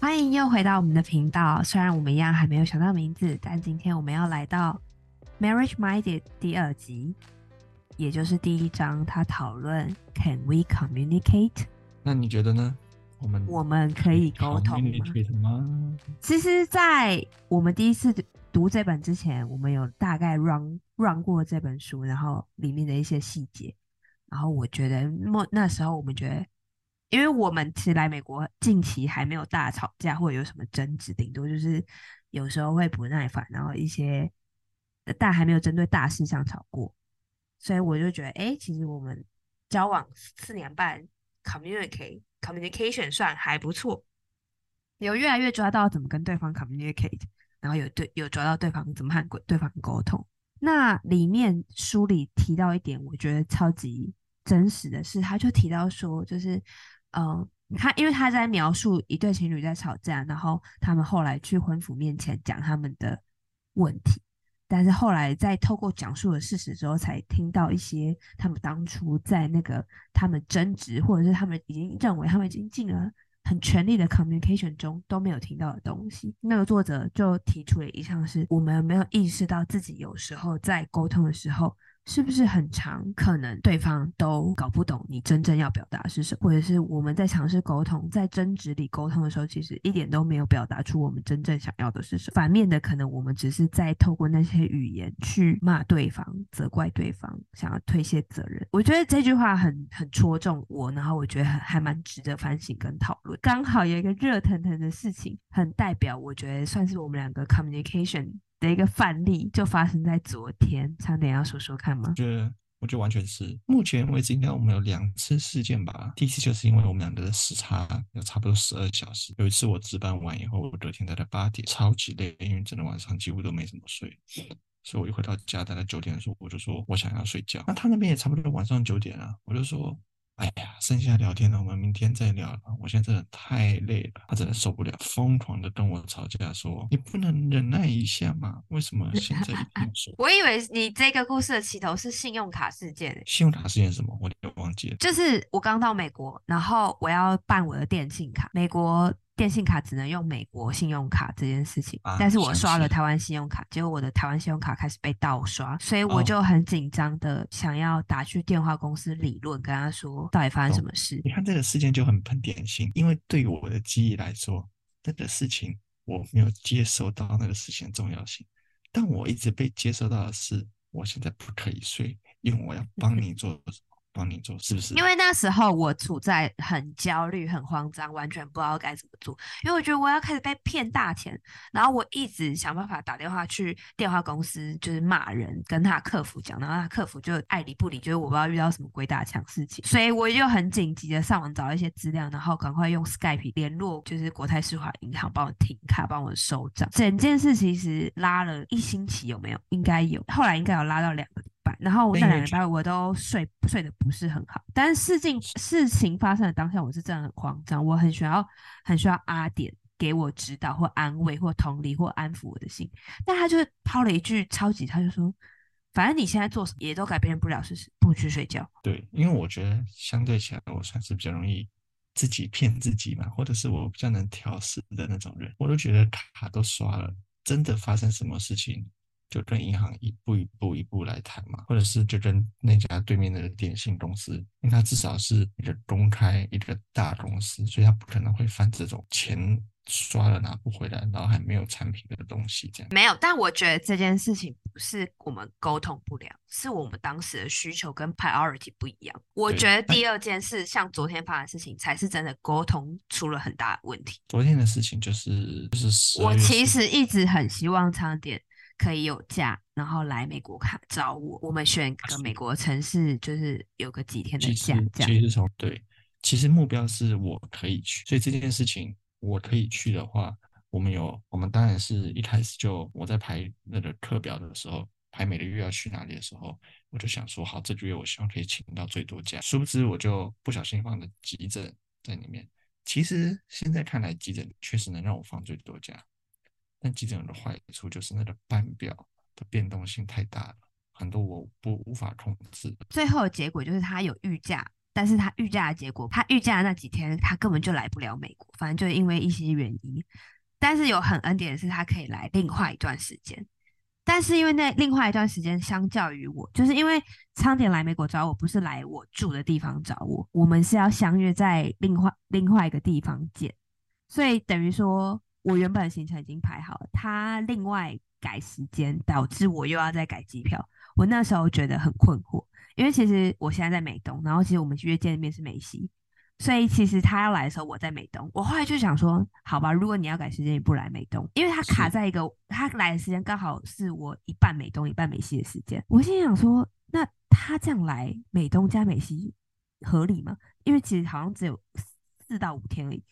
歡迎又回到我們的頻道。雖然我們一樣還沒有想到名字，但今天我們要來到《Marriage Minded》第二集，也就是第一章，他討論 “Can we communicate？” 那你覺得呢？我們我們可以溝通嗎？其實，在我們第一次讀這本之前，我們有大概 run run 過這本書，然後裡面的一些細節。然後我覺得，那那時候我們覺得。因為我們其實來美國近期還沒有大吵架或者有什麼爭執，頂多就是有時候會不耐煩，然後一些，但還沒有針對大事上吵過，所以我就覺得，哎、欸，其實我們交往四年半，communicate communication 算還不錯，有越來越抓到怎麼跟對方 communicate，然後有對有抓到對方怎麼和對方溝通。那裡面書裡提到一點，我覺得超級真實的是，他就提到說，就是。嗯，他因為他在描述一對情侶在吵架，然後他們後來去婚服面前講他們的問題，但是後來在透過講述的事實之後，才聽到一些他們當初在那個他們爭執，或者是他們已經認為他們已經盡了很全力的 communication 中都沒有聽到的東西。那個作者就提出了一項是，我們有沒有意識到自己有時候在溝通的時候。是不是很常？可能對方都搞不懂你真正要表達是什麼，或者是我們在嘗試溝通，在爭執裡溝通的時候，其實一點都沒有表達出我們真正想要的是什麼。反面的，可能我們只是在透過那些語言去罵對方、責怪對方，想要推卸責任。我覺得這句話很很戳中我，然後我覺得還還蠻值得反省跟討論。剛好有一個熱騰騰的事情，很代表我覺得算是我們兩個 communication。的一個範例，就發生在昨天，長點要說說看嗎？我覺得，我覺得完全是。目前為止，應該我們有兩次事件吧。第一次就是因為我們兩個的時差有差不多十二小時。有一次我值班完以後，我昨天待到八點，超級累，因為整個晚上幾乎都沒怎麼睡。所以我一回到家，大概九點的時候，我就說我想要睡覺。那他那邊也差不多晚上九點了啊，我就說。哎呀，剩下聊天了，我們明天再聊，我現在真的太累了，他真的受不了，瘋狂的跟我吵架說，說你不能忍耐一下嗎？為什麼現在？ 我以為你這個故事的起頭是信用卡事件，信用卡事件是什麼？我忘記了，就是我剛到美國，然後我要辦我的電信卡，美國。電信卡只能用美國信用卡這件事情，啊、但是我刷了台灣信用卡，結果我的台灣信用卡開始被盜刷，所以我就很緊張的想要打去電話公司理論，跟他說到底發生什麼事。哦、你看這個事件就很噴典型，因為對於我的記憶來說，那個事情我沒有接收到那個事情的重要性，但我一直被接收到的是，我現在不可以睡，以因為我要幫你做。嗯幫你做是不是？因為那時候我處在很焦慮、很慌張，完全不知道該怎麼做。因為我覺得我要開始被騙大錢，然後我一直想辦法打電話去電話公司，就是罵人，跟他客服講，然後他客服就愛理不理，就是我不知道遇到什麼鬼打牆事情，所以我就很緊急的上網找一些資料，然後趕快用 Skype 聯絡，就是國泰世華銀行幫我停卡、幫我收賬。整件事其實拉了一星期，有沒有？應該有，後來應該有拉到兩個。然後我那兩個禮拜我都睡睡得不是很好，但是事情，事情發生的當下，我是真的很慌張。我很需要很需要阿典給我指導或安慰或同理或安撫我的心。但他就是拋了一句超級，他就說：“反正你現在做什麼也都改變不了事實，不如去睡覺。”對，因為我覺得相對起來，我算是比較容易自己騙自己嘛，或者是我比較能調適的那種人。我都覺得卡都刷了，真的發生什麼事情？就跟銀行一步一步一步來談嘛，或者是就跟那家對面的電信公司，因為它至少是一個公開一個大公司，所以它不可能會犯這種錢刷了拿不回來，然後還沒有產品的東西這樣。沒有，但我覺得這件事情不是我們溝通不了，是我們當時的需求跟 priority 不一樣。我覺得第二件事，像昨天發生的事情，才是真的溝通出了很大的問題。昨天的事情就是就是，我其實一直很希望長點可以有假，然後來美國看找我。我們選個美國城市，就是有個幾天的假，其實這樣其實從對，其實目標是我可以去，所以這件事情我可以去的話，我們有，我們當然是一開始就我在排那個課表的時候，排每個月要去哪裡的時候，我就想說，好，這個月我希望可以請到最多假。殊不知我就不小心放了急診在裡面。其實現在看來，急診確實能讓我放最多假。但記者有個壞處，就是那個班表的變動性太大了，很多我不我無法控制。最後的結果就是他有預假，但是他預假的結果，他預假的那幾天他根本就來不了美國，反正就是因為一些原因。但是有很恩典的是，他可以來另外一段時間，但是因為那另外一段時間，相較於我，就是因為倉田來美國找我不是來我住的地方找我，我們是要相約在另外另外一個地方見，所以等於說。我原本的行程已經排好了，他另外改時間，導致我又要再改機票。我那時候覺得很困惑，因為其實我現在在美東，然後其實我們約見面是美西，所以其實他要來的時候我在美東。我後來就想說，好吧，如果你要改時間，你不來美東，因為他卡在一個他來的時間剛好是我一半美東，一半美西的時間。我心想，想說，那他這樣來美東加美西合理嗎？因為其實好像只有四到五天而已。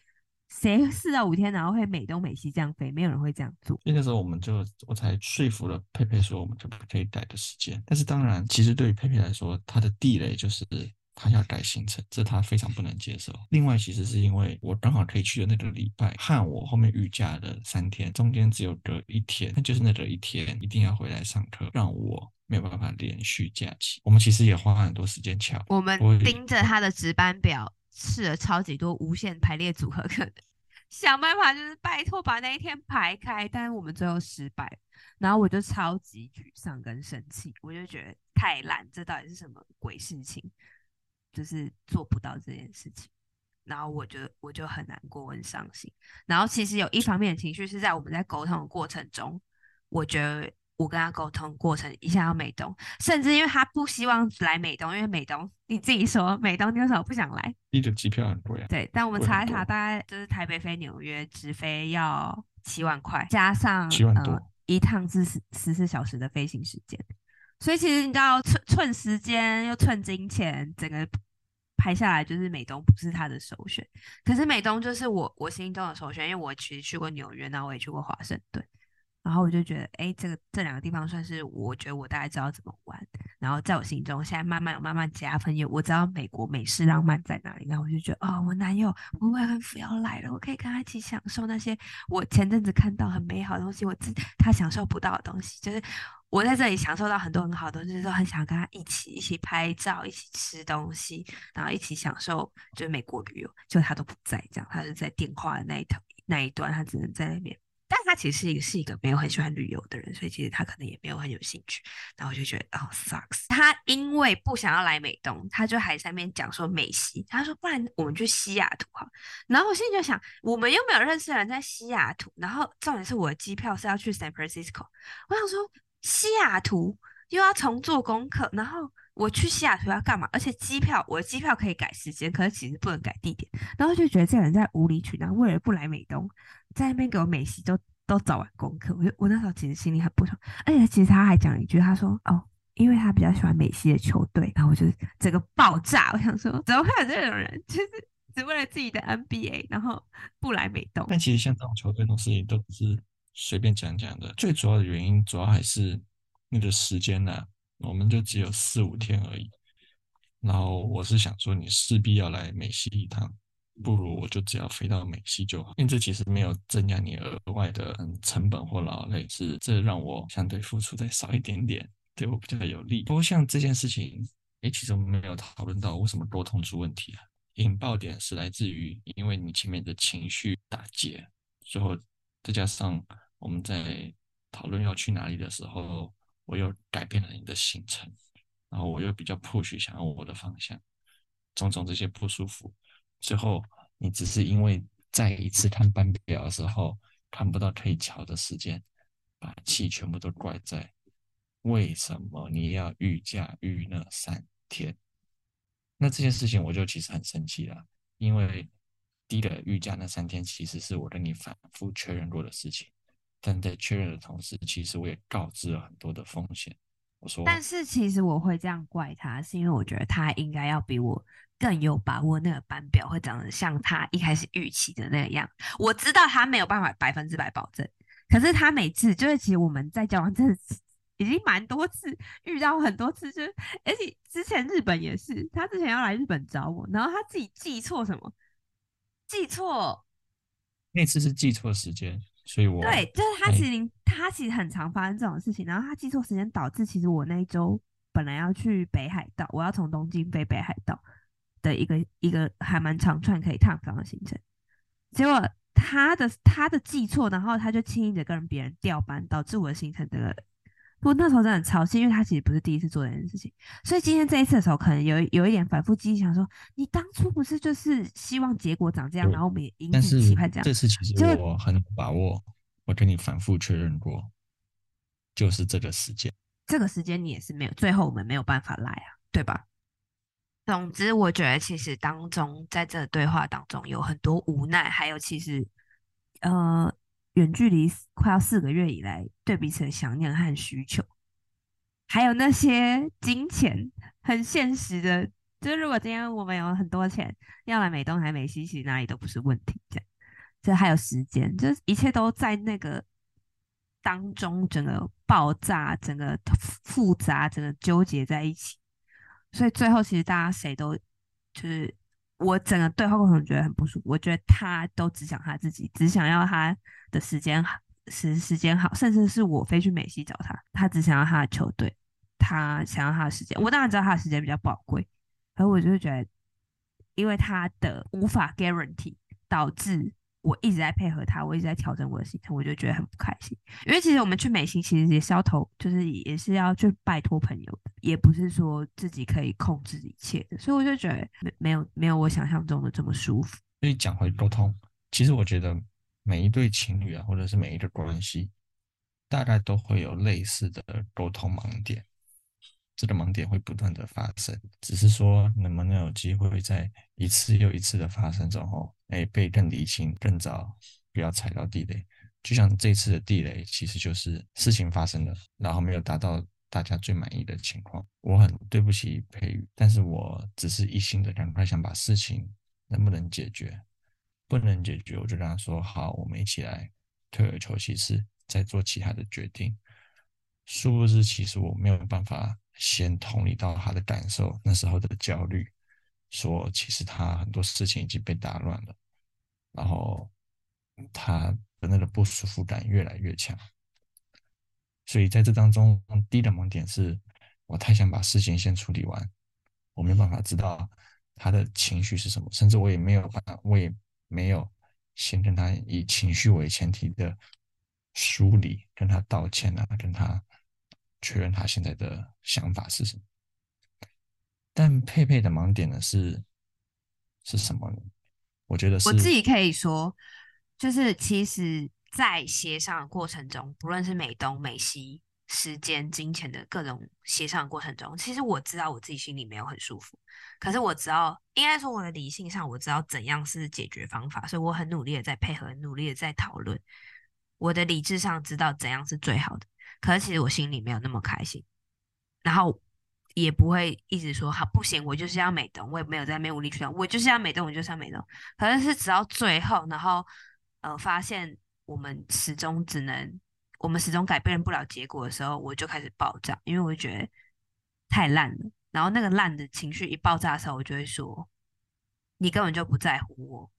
誰四到五天，然後會美東美西這樣飛？沒有人會這樣做。因為那個時候，我們就我才說服了佩佩，說我們就不可以改的時間。但是當然，其實對於佩佩來說，他的地雷就是他要改行程，這他非常不能接受。另外，其實是因為我剛好可以去的那個禮拜，和我後面預假的三天，中間只有隔一天，那就是那個一天一定要回來上課，讓我沒有辦法連續假期。我們其實也花很多時間喬，我們盯着他的值班表。試了超級多無限排列組合，可能想辦法就是拜託把那一天排開，但是我們最後失敗，然後我就超級沮喪跟生氣，我就覺得太懶。這到底是什麼鬼事情？就是做不到這件事情，然後我就我就很難過很傷心，然後其實有一方面的情緒是在我們在溝通的過程中，我覺得。我跟他溝通過程，一下要美東，甚至因為他不希望來美東，因為美東你自己說美東你有什麼不想來，你的機票很貴。啊。對，但我們查一查，大概就是台北飛紐約直飛要七萬塊，加上七萬多，呃、一趟是十,十四小時的飛行時間，所以其實你知道，寸寸時間又寸金錢，整個拍下來就是美東不是他的首選。可是美東就是我我心中的首選，因為我其實去過紐約，那我也去過華盛頓。然後我就覺得，哎、欸，這個這兩個地方算是我，我覺得我大概知道怎麼玩。然後在我心中，現在慢慢慢慢加分，因為我知道美國美式浪漫在哪裡。然後我就覺得，哦，我男友我未婚夫要來了，我可以跟他一起享受那些我前陣子看到很美好的東西，我自他享受不到的東西，就是我在這裡享受到很多很好的東西，就是說很想跟他一起一起拍照，一起吃東西，然後一起享受就是美國旅遊，就他都不在，這樣他是在電話的那一頭那一段，他只能在那邊。但他其實也是，是一個沒有很喜歡旅游的人，所以其實他可能也沒有很有興趣。然後我就覺得，哦、oh，sucks。他因為不想要來美東，他就還在那邊講說美西。他說，不然我們去西雅圖哈、啊。然後我心裡就想，我們又沒有認識的人在西雅圖。然後重點是我的機票是要去 San Francisco。我想說，西雅圖又要重做功課，然後。我去西雅圖要幹嘛？而且機票，我的機票可以改時間，可是其實不能改地點。然後就覺得這人在無理取鬧、啊，為了不來美東，在那邊給我美西都都找完功課。我就我那時候其實心裡很不爽。而且其實他還講一句，他說：“哦，因為他比較喜歡美西的球隊。”然後我就整個爆炸。我想說，怎麼會有這種人？就是只為了自己的 NBA，然後不來美東。但其實像這種球隊、這種事情都不是隨便講講的。最主要的原因，主要還是那個時間呢、啊。我們就只有四五天而已，然後我是想說，你勢必要來美西一趟，不如我就只要飛到美西就好，因為這其實沒有增加你額外的成本或勞累，是這讓我相對付出再少一點點，對我比較有利。不過像這件事情，誒，其實我們沒有討論到為什麼溝通出問題啊？引爆點是來自於因為你前面的情緒打結，最後再加上我們在討論要去哪裡的時候。我又改變了你的行程，然後我又比較迫切想要我的方向，種種這些不舒服，最後你只是因為再一次看班表的時候看不到可以調的時間把氣全部都怪在為什麼你要預假預那三天，那這件事情我就其實很生氣了，因為提了預假那三天其實是我跟你反復確認過的事情。但在確認的同時，其實我也告知了很多的風險。我說，但是其實我會這樣怪他，是因為我覺得他應該要比我更有把握，那個班表會長得像他一開始預期的那樣。我知道他沒有辦法百分之百保證，可是他每次就是，其實我們在交往這次已經蠻多次，遇到很多次就，就而且之前日本也是，他之前要來日本找我，然後他自己記錯什麼？記錯？那次是記錯時間。所以我，對，就是他其實、嗯、他其實很常發生這種事情，然後他記錯時間，導致其實我那一周本來要去北海道，我要從東京飛北海道的一個一個還蠻長串可以探訪的行程，結果他的他的記錯，然後他就輕易的跟別人調班，導致我的行程的。我那時候真的很操心，因為他其實不是第一次做這件事情，所以今天這一次的時候，可能有有一點反覆，積極想說，你當初不是就是希望結果長這樣，然後我們也因此期盼這樣。這次其實我很把握，我跟你反覆確認過，就是這個時間，這個時間你也是沒有，最後我們沒有辦法來啊，對吧？總之，我覺得其實當中在這對話當中有很多無奈，還有其實，呃。遠距離快要四個月以來，對彼此的想念和需求，還有那些金錢很現實的，就是如果今天我們有很多錢，要來美東還是美西，其實哪裡都不是問題。這樣，就還有時間，就是一切都在那個當中，整個爆炸，整個複雜，整個糾結在一起。所以最後，其實大家誰都就是。我整個對話過程覺得很不舒服，我覺得他都只想他自己，只想要他的時間，時時間好，甚至是我飛去美西找他，他只想要他的球隊，他想要他的時間。我當然知道他的時間比較寶貴，而我就是覺得，因為他的無法 guarantee 導致。我一直在配合他，我一直在調整我的行程，我就覺得很不開心。因為其實我們去美星，其實也是要投，就是也是要去拜托朋友，也不是說自己可以控制一切的，所以我就覺得沒沒有沒有我想象中的這麼舒服。所以講回溝通，其實我覺得每一對情侶啊，或者是每一個關係，大概都會有類似的溝通盲點，這個盲點會不斷的發生，只是說能不能有機會在一次又一次的發生之後。哎，被更理清，更早不要踩到地雷。就像這次的地雷，其實就是事情發生了，然後沒有達到大家最滿意的情況。我很對不起佩宇，但是我只是一心的趕快想把事情能不能解決，不能解決，我就跟他說：“好，我們一起來退而求其次，再做其他的決定。”殊不知，其實我沒有辦法先同理到他的感受，那時候的焦慮。說，其實他很多事情已經被打亂了，然後他的那個不舒服感越來越強，所以在這當中第一個的盲點是，我太想把事情先處理完，我沒有辦法知道他的情緒是什麼，甚至我也沒有辦法，我也沒有先跟他以情緒為前提的梳理，跟他道歉啊，跟他確認他現在的想法是什麼。但佩佩的盲點呢是是什麼呢？我覺得是我自己可以說，就是其實在協商的過程中，不論是美東、美西、時間、金錢的各種協商過程中，其實我知道我自己心裡沒有很舒服。可是我知道，應該說我的理性上我知道怎樣是解決方法，所以我很努力的在配合，很努力的在討論。我的理智上知道怎樣是最好的，可是其實我心裡沒有那麼開心。然後。也不會一直說，好不行，我就是要美東，我也沒有在那邊無理取鬧，我就是要美東，我就是要美東。可是直到最後，然後呃，發現我們始終只能，我們始終改變不了結果的時候，我就開始爆炸，因為我就覺得太爛了。然後那個爛的情緒一爆炸的時候，我就會說，你根本就不在乎我，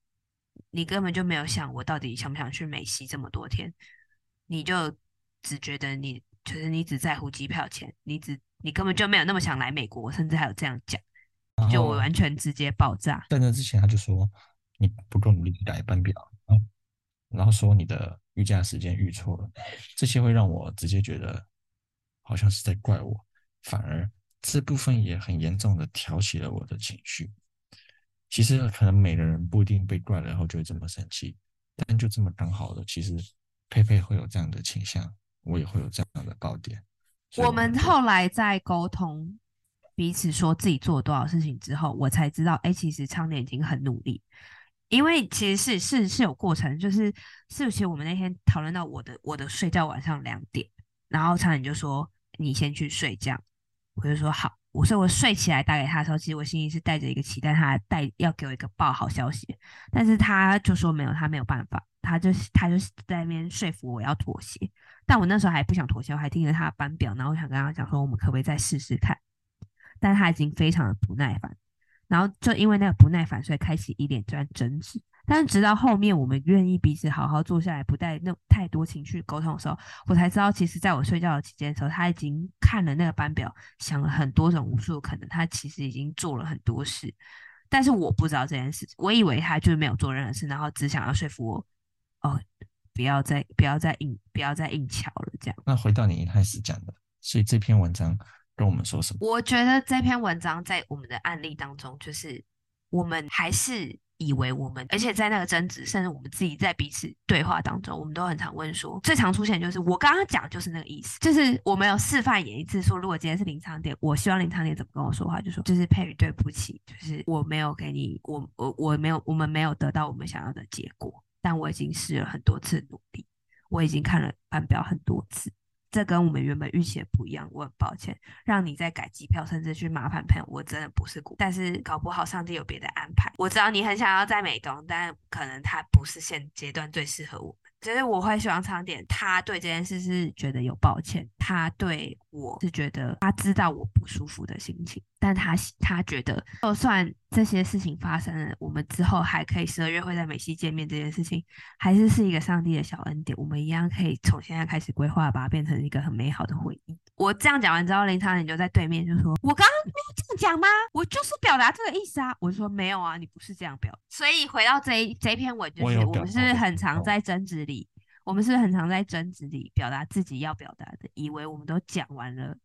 你根本就沒有想我到底想不想去美西這麼多天，你就只覺得你就是你只在乎機票錢，你只，你根本就沒有那麼想來美國，甚至還有這樣講，就我完全直接爆炸。在那之前，他就說你不夠努力來班表然，然後說你的預假時間預錯了，這些會讓我直接覺得好像是在怪我，反而這部分也很嚴重的挑起了我的情緒。其實可能每個人不一定被怪了然後就會這麼生氣，但就這麼剛好的，其實佩佩會有這樣的傾向，我也會有這樣的高點。我們後來在溝通彼此說自己做了多少事情之後，我才知道，哎、欸，其實昌臉已經很努力，因為其實是是是有過程，就是是。其實我們那天討論到我的我的睡覺晚上兩點，然後昌臉就說，你先去睡覺，我就說好。我所以我睡起來打給他的時候，其實我心裡是帶着一個期待他，他帶要給我一個報好消息，但是他就說沒有，他沒有辦法，他就他就是在那邊說服我要妥協。但我那時候還不想妥協，我還盯著他的班表，然後我想跟他講說，我們可不可以再試試看？但是他已經非常的不耐煩，然後就因為那個不耐煩，所以開始一連串爭執。但是直到後面我們願意彼此好好坐下來，不帶那太多情緒溝通的時候，我才知道，其實在我睡覺的期間的時候，他已經看了那個班表，想了很多種無數可能，他其實已經做了很多事，但是我不知道這件事，我以為他就是沒有做任何事，然後只想要說服我，哦。不要再不要再硬不要再硬橋了，這樣。那回到你一開始講的，所以這篇文章跟我們說什麼？我覺得這篇文章在我們的案例當中，就是我們還是以為我們，而且在那個爭執，甚至我們自己在彼此對話當中，我們都很常問說，最常出現就是我剛剛講就是那個意思，就是我沒有示範演一次說，如果今天是林昌典，我希望林昌典怎麼跟我說話，就說就是佩宇對不起，就是我沒有給你我我我沒有，我，沒有我們沒有得到我們想要的結果。但我已經試了很多次努力，我已經看了班表很多次，這跟我們原本預期的不一樣。我很抱歉讓你再改機票甚至去麻煩朋友，我真的不是故意，但是搞不好上帝有別的安排。我知道你很想要在美東，但可能它不是現階段最適合我們，其實我會希望長點。他對這件事是覺得有抱歉，他對。我是覺得他知道我不舒服的心情，但他他覺得，就算這些事情發生了，我們之後還可以12月會，在美西見面，這件事情還是是一個上帝的小恩典，我們一樣可以從現在開始規劃，把它變成一個很美好的回憶。我這樣講完之後，林昌你就在對面就說：“我剛剛沒有這樣講嗎？我就是表達這個意思啊。”我就說：“沒有啊，你不是這樣表達。”所以回到這一這一篇文就是，我們是很常在爭執裡。哦我們是很常在爭執裡表達自己要表達的，以為我們都講完了，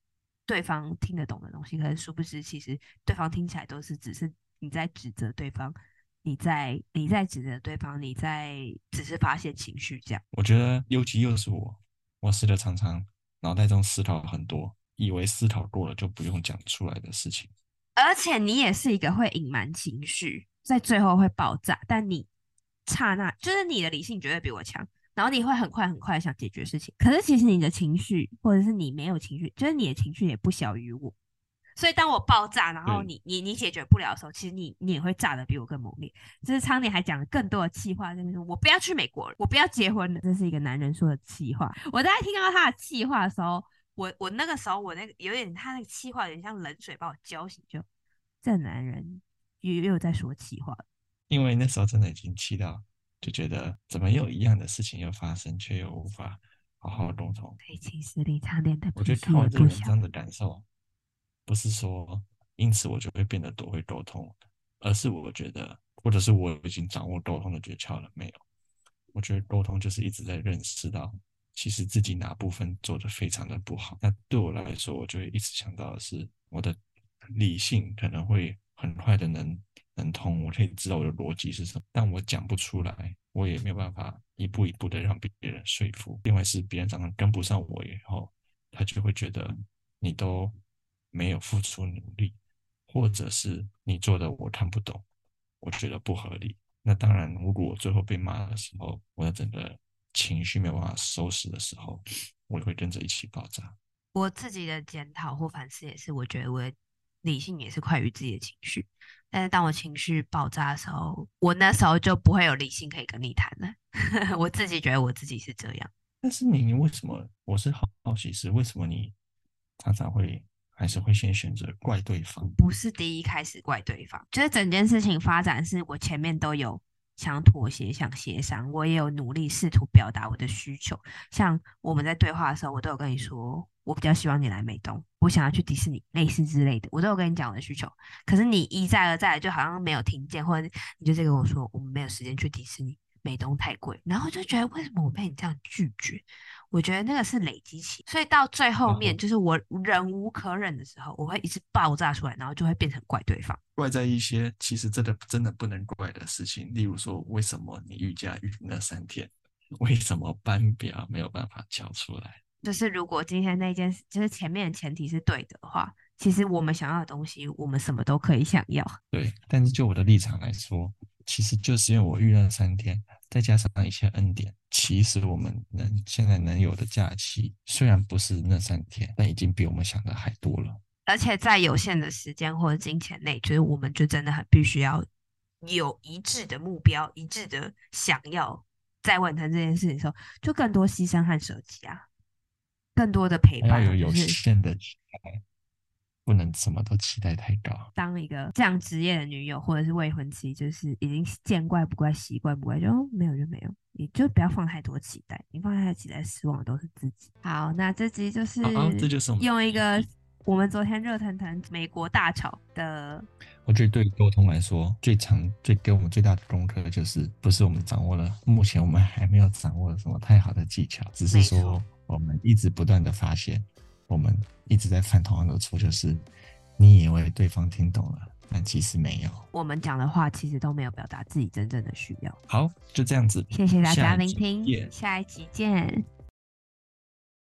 對方聽得懂的東西。可是殊不知，其實對方聽起來都是只是你在指責對方，你在你在指責對方，你在只是發洩情緒這樣。我覺得尤其又是我，我試了常常腦袋中思考很多，以為思考過了就不用講出來的事情。而且你也是一個會隱瞞情緒，在最後會爆炸，但你剎那就是你的理性絕對比我強。然後你會很快很快想解決事情，可是其實你的情緒或者是你沒有情緒，就是你的情緒也不小於我。所以當我爆炸，然後你你你解決不了的時候，其實你你也會炸得比我更猛烈。這，就是昌天還講了更多的氣話，就是說我不要去美國，我不要結婚了。這是一個男人說的氣話。我在聽到他的氣話的時候，我我那個時候我那個有點他那個氣話有點像冷水把我澆醒，就這男人又又在說氣話。因為那時候真的已經氣到。就覺得怎麼又一樣的事情又發生，卻又無法好好溝通。我覺得看完這篇文章的感受，不是說因此我就會變得多會溝通，而是我覺得，或者是我已經掌握溝通的訣竅了沒有？我覺得溝通就是一直在認識到，其實自己哪部分做得非常的不好。那對我來說，我就會一直想到的是，我的理性可能會很快的能。能通，我可以知道我的邏輯是什麼，但我講不出來，我也沒有辦法一步一步的讓別人說服。另外是別人常常跟不上我以後，他就會覺得你都沒有付出努力，或者是你做的我看不懂，我覺得不合理。那當然，如果我最後被罵的時候，我的整個情緒沒有辦法收拾的時候，我也會跟着一起爆炸。我自己的檢討或反思也是，我覺得我也。理性也是快於自己的情緒，但是當我情緒爆炸的時候，我那時候就不會有理性可以跟你談了。 我自己覺得我自己是這樣，但是你為什麼？我是好好奇是為什麼你常常會還是會先選擇怪對方？不是第一開始怪對方，就是整件事情發展是我前面都有想妥協、想協商，我也有努力試圖表達我的需求。像我們在對話的時候，我都有跟你說。嗯我比較希望你來美東，我想要去迪士尼，類似之類的，我都有跟你講我的需求，可是你一再而再，就好像沒有聽見，或者你就是跟我說我們沒有時間去迪士尼，美東太貴，然後就覺得為什麼我被你這樣拒絕？我覺得那個是累積起，所以到最後面後就是我忍無可忍的時候，我會一直爆炸出來，然後就會變成怪對方。怪在一些其實真的真的不能怪的事情，例如說為什麼你預見那三天，為什麼班表沒有辦法敲出來。就是如果今天那件事，就是前面的前提是對的話，其實我們想要的東西，我們什麼都可以想要。對，但是就我的立場來說，其實就是因為我遇了三天，再加上一些恩典，其實我們能現在能有的假期，雖然不是那三天，但已經比我們想的還多了。而且在有限的時間或者金錢內，就是我們就真的很必須要有一致的目標，一致的想要在完成這件事情的時候，就更多犧牲和捨己啊。更多的陪伴，有有限的期待，不能什麼都期待太高。當一個這樣職業的女友或者是未婚妻，就是已經見怪不怪、習慣不怪，就沒有就沒有，你就不要放太多期待，你放太多期待，失望都是自己。好，那這集就是，用談談啊啊就是，用一個我們昨天熱騰騰美國大吵的。我覺得對溝通來說，最長最給我們最大的功課，就是不是我們掌握了，目前我們還沒有掌握了什麼太好的技巧，只是說。我們一直不斷的發現，我們一直在犯同樣的錯，就是你以為對方聽懂了，但其實沒有。我們講的話其實都沒有表達自己真正的需要。好，就這樣子，謝謝大家聆聽，下一集見。